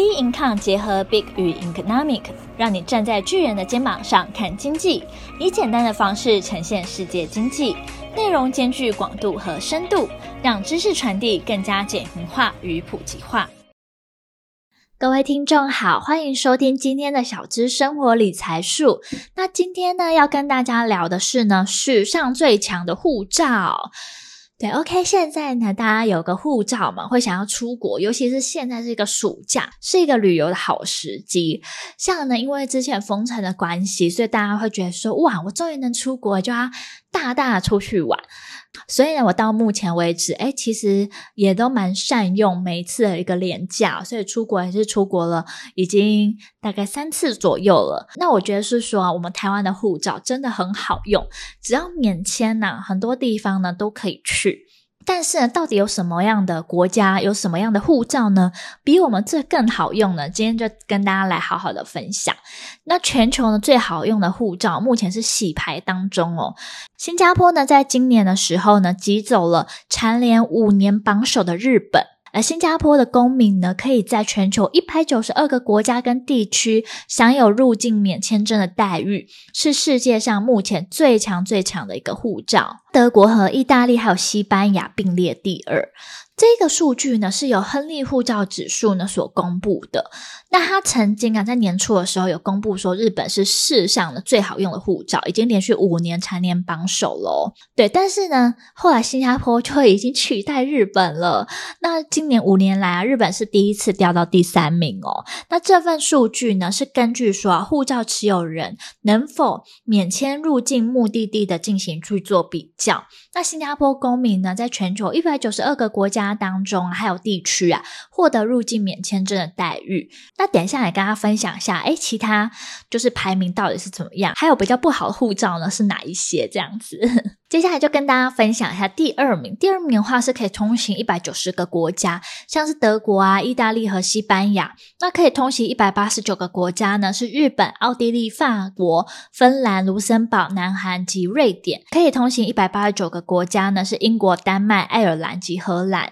D-income 結合 Big 與 Economic，讓你站在巨人的肩膀上看經濟，以簡單的方式呈現世界經濟，內容兼具廣度和深度，讓知識傳遞更加簡明化與普及化。各位聽眾好，歡迎收聽今天的小資生活理財術。那今天呢，要跟大家聊的是呢，史上最強的護照。對，OK，現在呢，大家有個護照嘛，會想要出國，尤其是現在是一個暑假，是一個旅遊的好時機。像呢，因為之前封城的關係，所以大家會覺得說，哇，我終於能出國，就要。大大的出去玩，所以呢，我到目前為止，哎，其實也都蠻善用每一次的一個連假，所以出國還是出國了，已經大概三次左右了。那我覺得是說，我們台灣的護照真的很好用，只要免簽呐、啊，很多地方呢都可以去。但是呢，到底有什麼樣的國家，有什麼樣的護照呢，比我們這更好用呢？今天就跟大家來好好的分享。那全球呢最好用的護照，目前是洗牌當中哦。新加坡呢，在今年的時候呢，擠走了蟬聯五年榜首的日本。而新加坡的公民呢，可以在全球192個國家跟地區享有入境免簽證的待遇，是世界上目前最強最強的一個護照。德國和意大利還有西班牙並列第二。這個數據呢，是由亨利護照指數呢所公布的。那他曾經啊，在年初的時候有公布說，日本是世上的最好用的護照，已經連續五年蟬聯榜首嘍哦。對，但是呢，後來新加坡就已經取代日本了。那今年五年來啊，日本是第一次掉到第三名哦。那這份數據呢，是根據說啊，護照持有人能否免簽入境目的地的進行去做比較。那新加坡公民呢，在全球一百九十二個國家。當中還有地區啊，獲得入境免簽證的待遇。那等一下也跟大家分享一下，哎，其他就是排名到底是怎麼樣？還有比較不好的護照呢，是哪一些？這樣子。接下來就跟大家分享一下第二名。第二名的話是可以通行一百九十個國家，像是德國啊、意大利和西班牙。那可以通行一百八十九個國家呢，是日本、奧地利、法國、芬蘭、盧森堡、南韓及瑞典。可以通行一百八十九個國家呢，是英國、丹麥、愛爾蘭及荷蘭。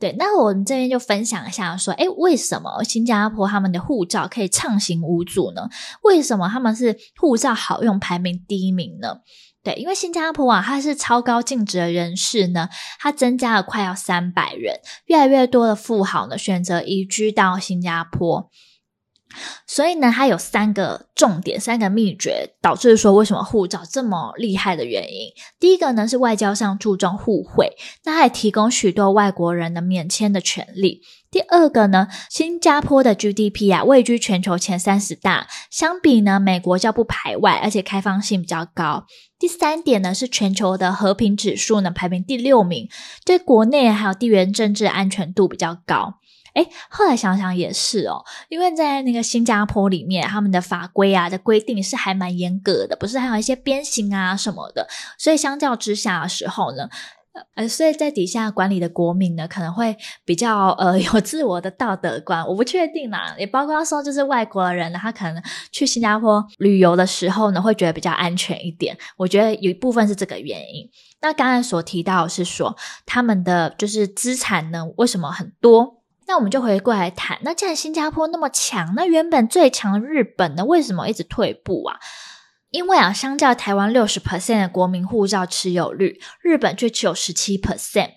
對，那我們這邊就分享一下，說，誒，欸，為什麼新加坡他們的護照可以暢行無阻呢？為什麼他們是護照好用排名第一名呢？對，因為新加坡啊，它是超高淨值的人士呢，它增加了快要三百人，越來越多的富豪呢選擇移居到新加坡，所以呢，它有三個重點、三個秘訣，導致說為什麼護照這麼厲害的原因。第一個呢是外交上注重互惠，那還提供許多外國人的免簽的權利。第二個呢，新加坡的 GDP 啊位居全球前三十大，相比呢美國較不排外，而且開放性比較高。第三點呢，是全球的和平指數呢，排名第六名，對國內還有地緣政治安全度比較高。欸，後來想想也是哦，因為在那個新加坡裡面，他們的法規啊的規定是還蠻嚴格的，不是還有一些鞭刑啊什麼的，所以相較之下的時候呢。呃，所以在底下管理的國民呢，可能會比較呃有自我的道德觀，我不確定啦。也包括說，就是外國人呢，他可能去新加坡旅遊的時候呢，會覺得比較安全一點。我覺得有一部分是這個原因。那剛才所提到是說，他們的就是資產呢，為什麼很多？那我們就回過來談。那既然新加坡那麼強，那原本最強日本呢，為什麼一直退步啊？因為啊，相較台灣六十 percent 的國民護照持有率，日本卻只有十七 percent。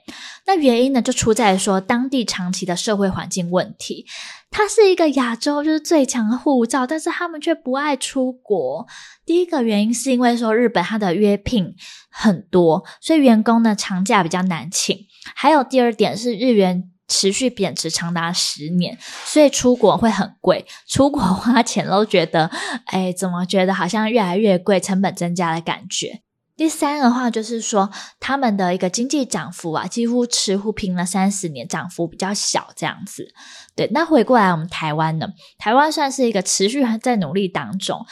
那原因呢，就出在說當地長期的社會環境問題。它是一個亞洲就是最強的護照，但是他們卻不愛出國。第一個原因是因為說日本它的約聘很多，所以員工呢長假比較難請。還有第二點是日元。持續貶值長達十年，所以出國會很貴。出國花錢都覺得，誒、哎、怎麼覺得好像越來越貴，成本增加的感覺。第三的話就是說，他們的一個經濟漲幅啊，幾乎持平了三十年，漲幅比較小這樣子。對，那回過來我們台灣呢？台灣算是一個持續在努力當中。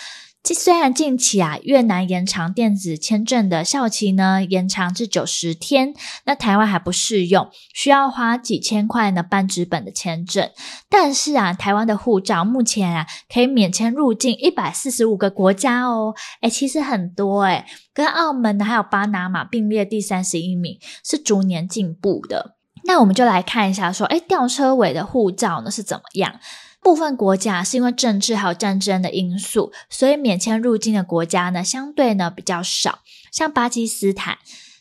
這雖然近期啊，越南延長電子簽證的效期呢，延長至九十天，那台灣還不適用，需要花幾千塊呢辦紙本的簽證。但是啊，台灣的護照目前啊，可以免簽入境一百四十五個國家哦。哎，其實很多哎、欸，跟澳門的還有巴拿馬並列第三十一名，是逐年進步的。那我們就來看一下說，說哎，吊車尾的護照呢是怎麼樣？部分國家是因為政治還有戰爭的因素，所以免簽入境的國家呢，相對呢比較少。像巴基斯坦，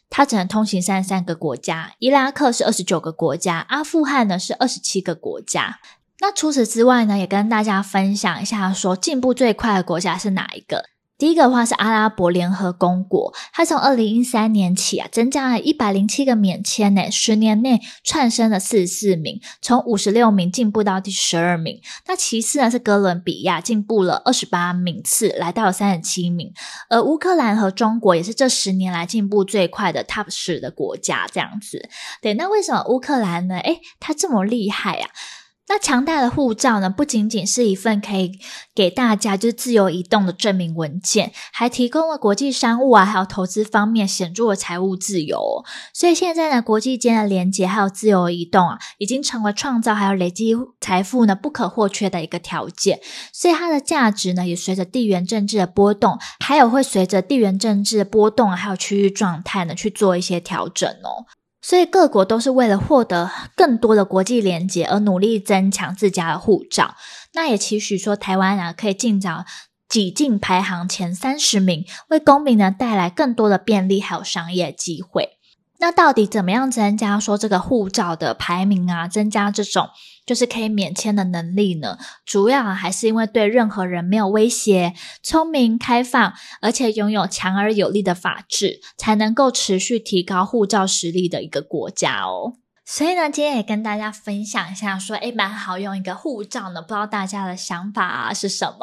它只能通行三十三個國家；伊拉克是二十九個國家；阿富汗呢是二十七個國家。那除此之外呢，也跟大家分享一下說，說進步最快的國家是哪一個？第一個話是阿拉伯聯合公國，它從二零一三年起啊，增加了一百零七個免簽呢，十年內竄升了四十四名，從五十六名進步到第十二名。那其次呢是哥倫比亞，進步了二十八名次，來到了三十七名。而烏克蘭和中國也是這十年來進步最快的 Top 十的國家，這樣子。對，那為什麼烏克蘭呢？哎，它這麼厲害呀、啊？那強大的護照呢，不僅僅是一份可以給大家就是自由移動的證明文件，還提供了國際商務啊，還有投資方面顯著的財務自由哦。所以現在呢，國際間的連接還有自由移動啊，已經成為創造還有累積財富呢不可或缺的一個條件。所以它的價值呢，也隨着地緣政治的波動，還有會隨着地緣政治的波動啊，還有區域狀態呢去做一些調整哦。所以各國都是為了獲得更多的國際連接而努力增強自家的護照，那也期許說台灣啊可以盡早擠進排行前三十名，為公民呢帶來更多的便利還有商業機會。那到底怎麼樣增加說這個護照的排名啊，增加這種就是可以免簽的能力呢？主要還是因為對任何人沒有威脅，聰明開放，而且擁有強而有力的法治，才能夠持續提高護照實力的一個國家哦。所以呢，今天也跟大家分享一下說，說誒蠻好用一個護照呢，不知道大家的想法，啊、是什麼？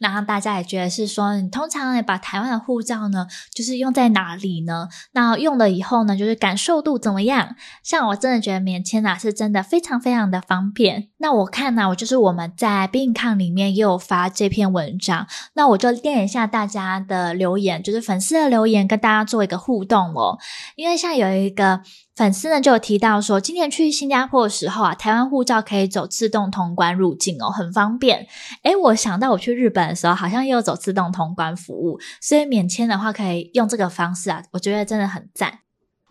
然後大家也覺得是說，你通常也把台灣的護照呢，就是用在哪裡呢？那用了以後呢，就是感受度怎麼樣？像我真的覺得免簽啊，是真的非常非常的方便。那我看呢、啊，我就是我們在病抗裡面也有發這篇文章，那我就念一下大家的留言，就是粉絲的留言，跟大家做一個互動哦。因為像在有一個。粉絲呢就有提到說，今年去新加坡的時候啊，台灣護照可以走自動通關入境哦，很方便。誒、欸，我想到我去日本的時候，好像也有走自動通關服務，所以免簽的話可以用這個方式啊，我覺得真的很讚。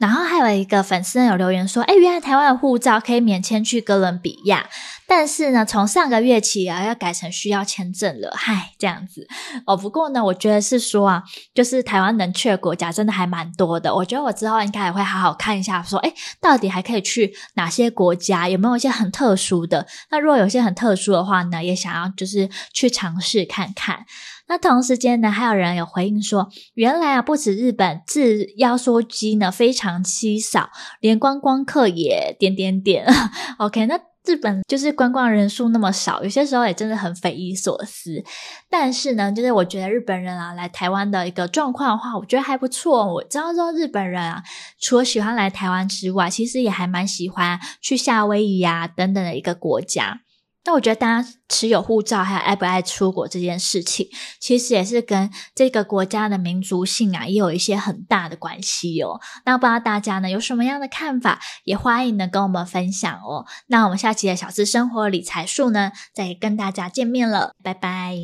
然後還有一個粉絲有留言說，誒，原來台灣的護照可以免簽去哥倫比亞，但是呢，從上個月起啊，要改成需要簽證了。嗨，這樣子哦。不過呢，我覺得是說啊，就是台灣能去的國家真的還蠻多的。我覺得我之後應該也會好好看一下說，誒，到底還可以去哪些國家？有沒有一些很特殊的？那如果有些很特殊的話呢，也想要就是去嘗試看看。那同時間呢，還有人有回應說，原來啊，不止日本自壓縮機呢非常稀少，連觀光客也點點點。 OK，那日本就是觀光人數那麼少，有些時候也真的很匪夷所思。但是呢，就是我覺得日本人啊來台灣的一個狀況的話，我覺得還不錯。我知道說日本人啊，除了喜歡來台灣之外，其實也還蠻喜歡去夏威夷呀、啊、等等的一個國家。那我覺得大家持有護照還有愛不愛出國這件事情，其實也是跟這個國家的民族性啊，也有一些很大的關係哦。那不知道大家呢有什麼樣的看法，也歡迎呢跟我們分享哦。那我們下期的小資生活理財術呢，再跟大家見面了，拜拜。